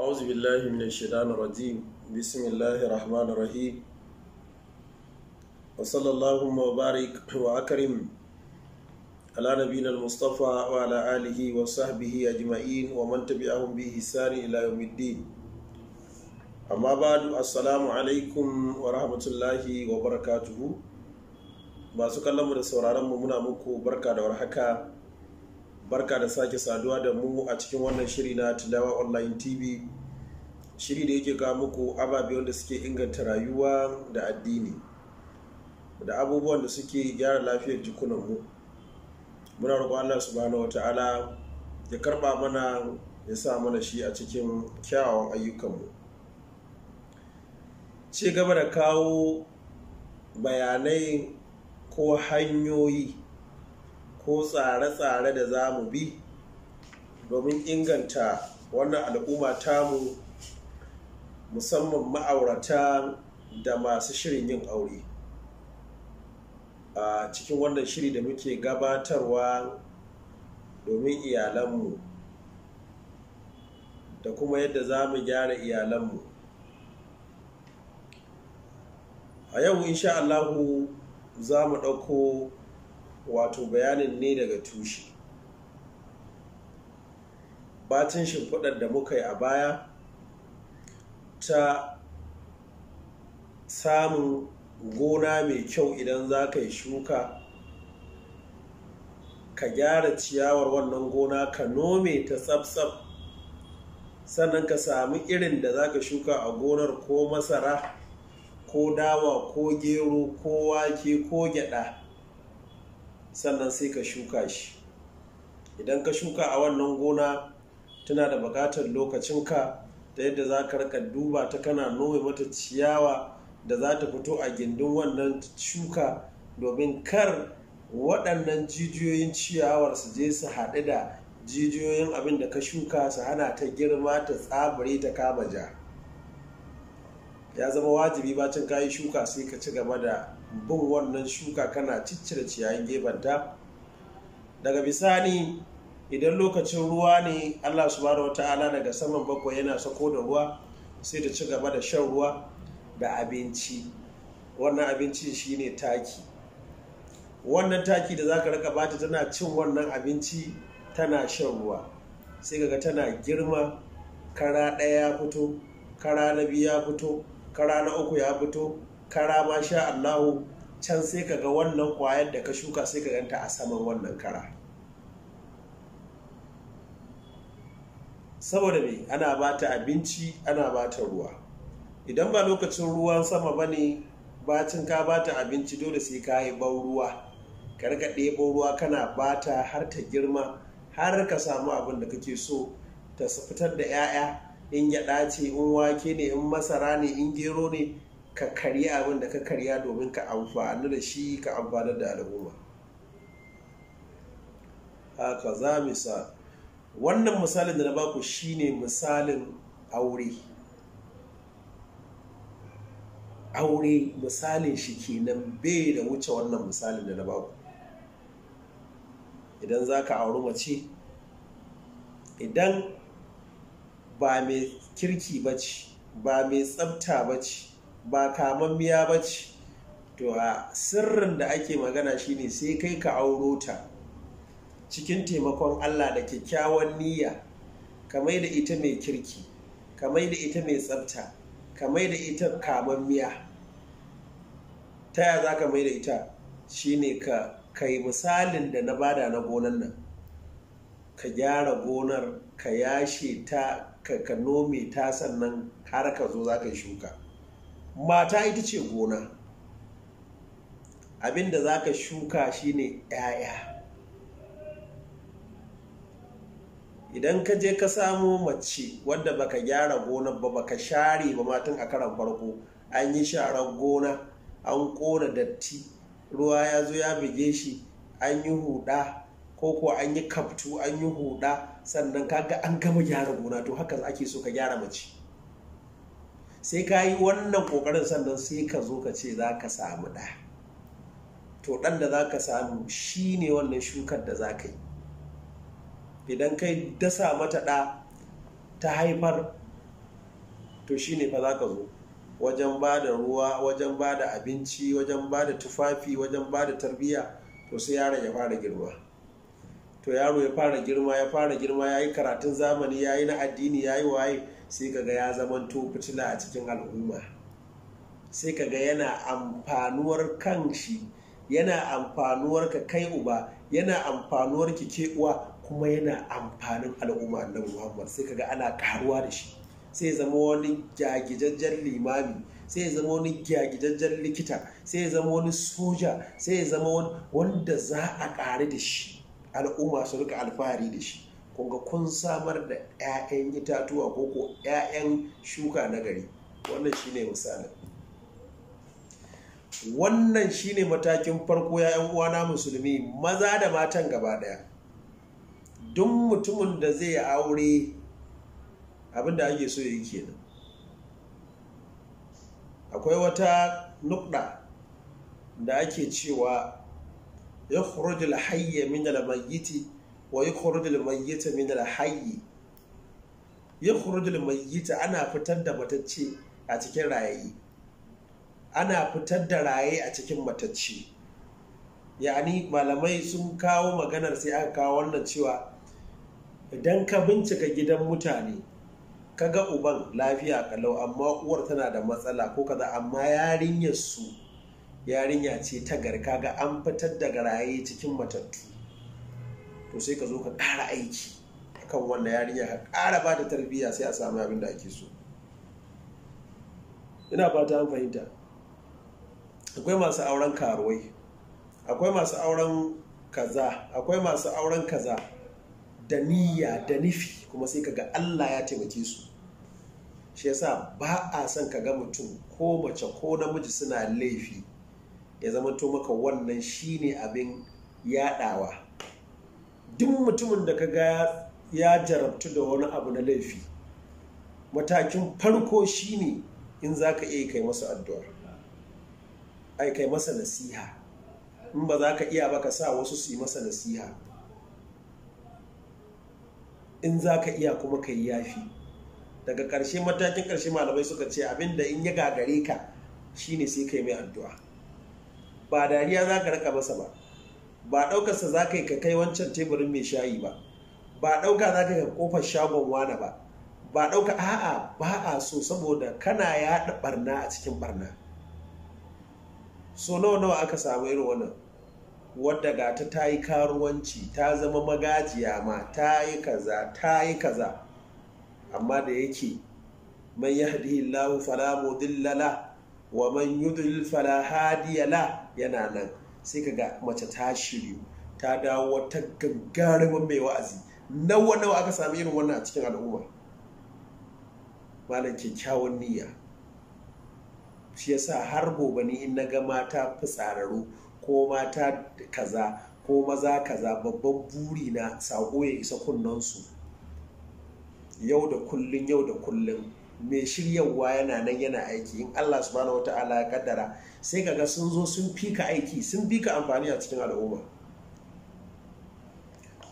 أعوذ بالله من الشيطان الرجيم بسم الله الرحمن الرحيم وصلى اللهم وبارك وأكرم على نبينا المصطفى وعلى آله وصحبه أجمعين ومن تبعهم بإحسان إلى يوم الدين أما بعد السلام عليكم ورحمة الله وبركاته masu kallon mu da sauraron mu muna muku barka da warhaka barka da sake saduwa da mu a cikin wannan shiri na tilawa online tv shiri da yake kawo muku ababe da suke inganta rayuwa da addini da abubuwan da suke gyara lafiyar mu. muna roƙo allah subhanahu wata'ala ya karɓa mana ya sa mana shi a cikin kyawawan ayyukanmu ci gaba da kawo bayanai ko hanyoyi ko tsare-tsare da za mu bi domin inganta wannan al'umma tamu musamman ma'aurata da masu shirin yin aure a cikin wannan shiri da muke gabatarwa domin iyalanmu da kuma yadda za mu gyara iyalanmu a yau insha'allahu Allahu za mu ɗauko wato bayanin ne daga tushe batin shimfiɗar da muka yi a baya ta samun gona mai kyau idan za ka yi shuka ka gyara ciyawar wannan gona ka nome ta tsabtsab sannan ka sami irin da za ka shuka a gonar ko masara ko dawa ko gero ko wake ko gyada sannan sai ka shuka shi idan ka shuka a wannan gona tana da bukatar lokacinka ta yadda za ka rika duba ta kana nome mata ciyawa da za ta fito a gindin wannan shuka domin kar waɗannan jijiyoyin ciyawar su je su haɗu da jijiyoyin abin da ka shuka su hana ta girma ta tsabare ta kama ja ya zama wajibi bacin kayi shuka sai ka ci gaba da bin wannan shuka kana ciccire ciyayin gefenta daga bisani idan lokacin ruwa ne allah subhanahu wa ta'ala daga saman bakwai yana sako da ruwa sai ta ci gaba da shan ruwa da abinci wannan abinci shine taki wannan taki da zaka rika bata tana cin wannan abinci tana shan ruwa sai kaga tana girma kara ɗaya ya fito kara na biyu ya fito kara na uku ya fito kara ma sha allahu can sai ka ga wannan kwayar da ka shuka sai ka ganta a saman wannan kara saboda me ana ba ta abinci ana ba ta ruwa idan ba lokacin ruwan sama ba ne bacin ka ba ta abinci dole sai ka yi ban ruwa ka rika ɗebo ruwa kana ba ta har ta girma har ka samu abin da kake so ta fitar da 'ya'ya in yaɗa ce in wake ne in masara ne in gero ne ka karya abin da ka karya domin ka amfani da shi ka amfanar da al'umma haka za misal wannan misalin da na baku shine misalin aure aure misalin shi kenan bai da wuce wannan misalin da na baku idan za ka auri mace idan ba mai kirki ba ce ba mai tsafta ba ce ba kamammiya ba ce to a sirrin da ake magana shine sai kai ka auro ta cikin taimakon allah da kyakkyawan niyya kamai da ita mai kirki kamai da ita mai tsafta kamai da ita kamammiya ta ya za ka mai da ita shine ka kai misalin da na bada na gonan nan ka gyara gonar ka yashe ta ka nome ta sannan har ka zo za ka shuka mata ita ce gona abinda za ka shuka shine 'ya'ya idan ka je ka samo mace wadda baka gyara gona ba baka share ba matan a karan farko an yi sharar gona an kona datti ruwa ya zo ya bige shi an yi huda ko ko an yi kaftu an yi huda sannan kaga an gama gyara gona to haka ake so ka gyara mace sai ka yi wannan kokarin sannan sai ka zo ka ce za ka samu ɗa to ɗan da za ka samu shi ne wannan shukar da za ka yi idan kai dasa mata ɗa ta haifar to shi ne fa za ka zo wajen ba da ruwa wajen ba da abinci wajen ba da tufafi wajen ba da tarbiyya to sai yaron ya fara girma to yaro ya fara girma ya fara girma ya yi karatun zamani ya yi na addini ya yi waye sai kaga ya zaman to fitila a cikin al'umma sai kaga yana amfanuwar kan shi yana amfanuwar ka kai uba yana amfanuwar ki ke uwa kuma yana amfanin al'umma na muhammad sai kaga ana karuwa da shi sai zama wani gyagijajjen limami sai ya zama wani gyagijajjen likita sai ya zama wani soja sai zama wani wanda za a kare da shi al'umma su rika alfahari da shi kunga kun samar da 'ya'yan itatuwa ko ko 'ya'yan shuka na gari wannan shine misalin wannan shine matakin farko ya'yan uwana musulmi maza da matan gaba daya Don mutumin da zai aure abinda ake so yi kenan akwai wata nukda da ake cewa يخرج الحي من ana ويخرج الميت من الحي يخرج الميت أنا yani malamai sun kawo maganar sai aka kawo wannan cewa idan ka bincika gidan mutane kaga uban lafiya kalau amma uwar tana da matsala ko kaza amma yarinyar su yarinya ce ta garka ga an fitar da garaye cikin matattu to sai ka zo ka ƙara aiki kan wannan yarinya ka kara ba da tarbiyya sai a samu abin da ake so ina fata an fahimta akwai masu auren karuwai akwai masu auren kaza akwai masu auren kaza da niyya da nufi kuma sai ka ga Allah ya taimake su shi yasa ba a son ka ga mutum ko mace ko namiji suna laifi ya zama to maka wannan shine abin yaɗawa. duk mutumin da ka ga ya jarabtu da wani abu na laifi matakin farko shine in za ka iya kai masa addu'a ai kai masa nasiha in ba za ka iya ba ka sa wasu su yi masa nasiha in za ka iya kuma ka yi yafi daga ƙarshe matakin ƙarshe malamai suka ce abinda in ya gagare ka shine sai yi mai addu'a ba dariya za ka raka masa ba ba ɗaukarsa za ka yi ka kai wancan teburin mai shayi ba ba ɗauka za ka yi kofar shagon wana ba ba ɗauka a'a ba a so saboda kana yaɗa barna a cikin barna so nawa nawa aka samu irin wannan wadda gata ta yi karuwanci ta zama magajiya ma ta yi kaza ta yi kaza amma da yake man yahdi Allahu fala mudilla wa man yudil fala hadiya la yana nan sai kaga mace ta shiryu ta dawo wata gaggarumin mai wa'azi nawa nawa aka sami irin wannan a cikin al'umma malam kyakkyawan niyya shi yasa har gobe ni in naga mata fitsararru ko mata kaza ko maza kaza babban buri na sako ya isa kunnansu yau da kullun yau da kullun mai shiryarwa yana nan yana aiki in Allah subhanahu wata ya kaddara sai kaga sun zo sun fika aiki sun fika amfani a cikin al'umma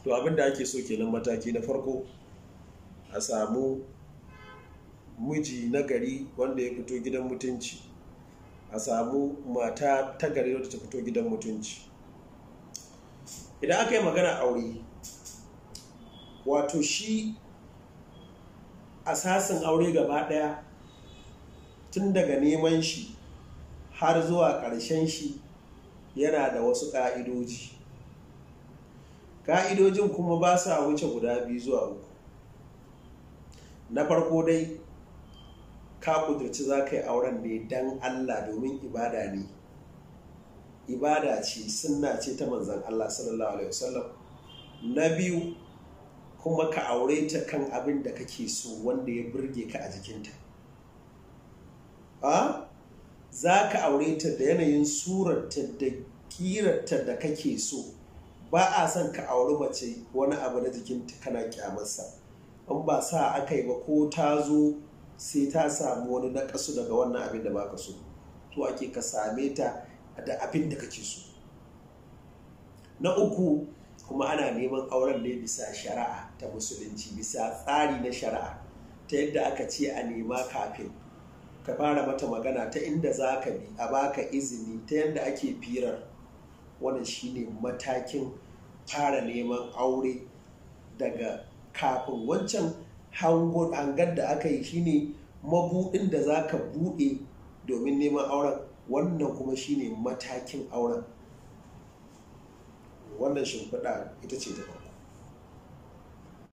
to abin da ake so kenan mataki na farko a samu miji na gari wanda ya fito gidan mutunci a samu mata ta gari wadda ta fito gidan mutunci idan aka yi magana aure wato shi asasin aure gaba ɗaya tun daga neman shi har zuwa ƙarshen shi yana da wasu ƙa'idoji ƙa'idojin kuma ba sa wuce guda biyu zuwa uku na farko dai ka kudurci za ka yi auren ne don allah domin ibada ne ibada ce sunna ce ta manzan allah sallallahu alaihi wasallam na biyu kuma ka aure ta kan abin da kake so wanda ya burge ka a jikinta a za ka aure ta da yanayin surarta da kirarta da kake so ba a son ka auri mace wani abu na jikinta kana kyamarsa in ba sa aka yi ba ko ta zo sai ta samu wani nakasu daga wannan abin da baka so to ake ka same ta da abin da kake so na uku kuma ana neman auren ne bisa shari'a ta musulunci bisa tsari na shari'a ta yadda aka ce a nema kafin ka fara mata magana ta inda za ka bi a baka izini ta yadda ake firar wannan shine matakin fara neman aure daga kafin wancan hangar da aka yi shine mabuɗin da za ka buɗe domin neman auren wannan kuma shine matakin auren wannan shimfiɗa ita ce ta farko